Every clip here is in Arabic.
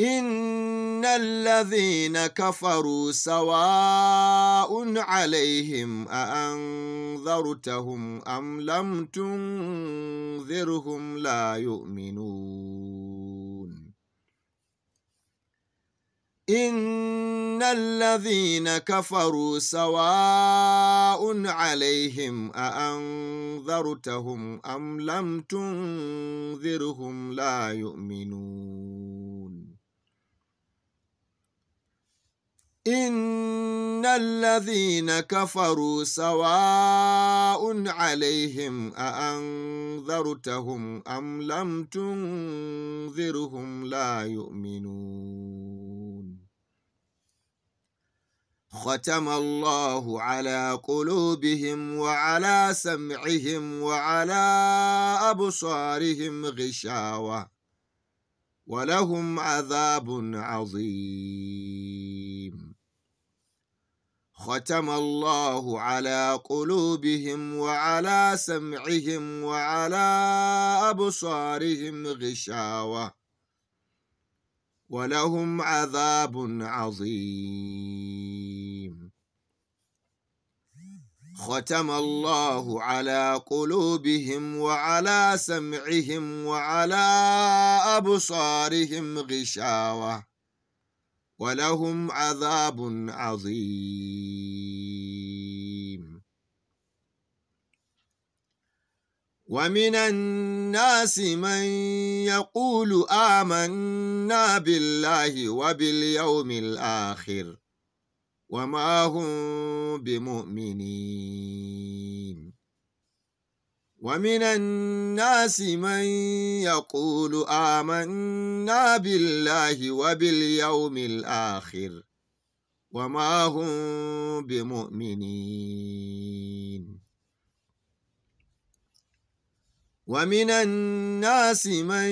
إن الذين كفروا سواء عليهم أأنذرتهم أم لم تنذرهم لا يؤمنون إن الذين كفروا سواء عليهم أأنذرتهم أم لم تنذرهم لا يؤمنون إن الذين كفروا سواء عليهم أأنذرتهم أم لم تنذرهم لا يؤمنون ختم الله على قلوبهم وعلى سمعهم وعلى أبصارهم غشاوة ولهم عذاب عظيم ختم الله على قلوبهم وعلى سمعهم وعلى أبصارهم غشاوة ولهم عذاب عظيم ختم الله على قلوبهم وعلى سمعهم وعلى أبصارهم غشاوة ولهم عذاب عظيم ومن الناس من يقول آمنا بالله وباليوم الآخر وما هم بمؤمنين ومن الناس من يقول آمنا بالله وباليوم الآخر وما هم بمؤمنين ومن الناس من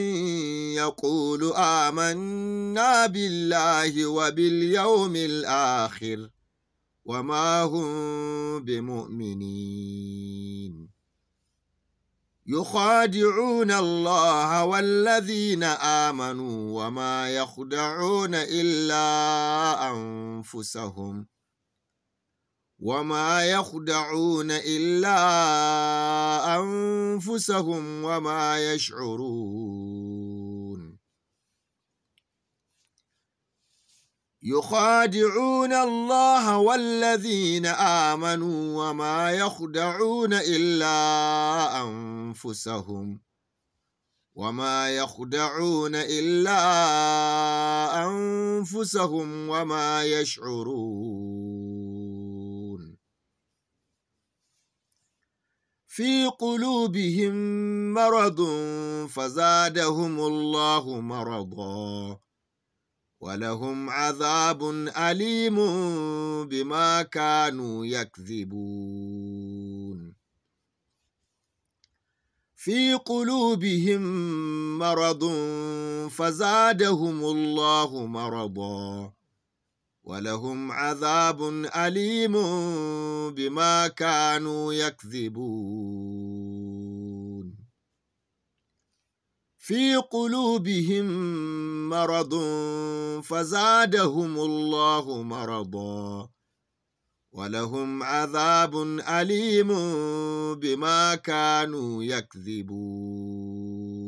يقول آمنا بالله وباليوم الآخر وما هم بمؤمنين يخادعون الله والذين آمنوا وما يخدعون إلا أنفسهم وما يخدعون إلا أنفسهم وما يشعرون يخادعون الله والذين آمنوا وما يخدعون إلا أنفسهم وما يخدعون إلا أنفسهم وما يشعرون في قلوبهم مرض فزادهم الله مرضاً ولهم عذاب أليم بما كانوا يكذبون في قلوبهم مرض فزادهم الله مرضا ولهم عذاب أليم بما كانوا يكذبون في قلوبهم مرض فزادهم الله مرضا ولهم عذاب أليم بما كانوا يكذبون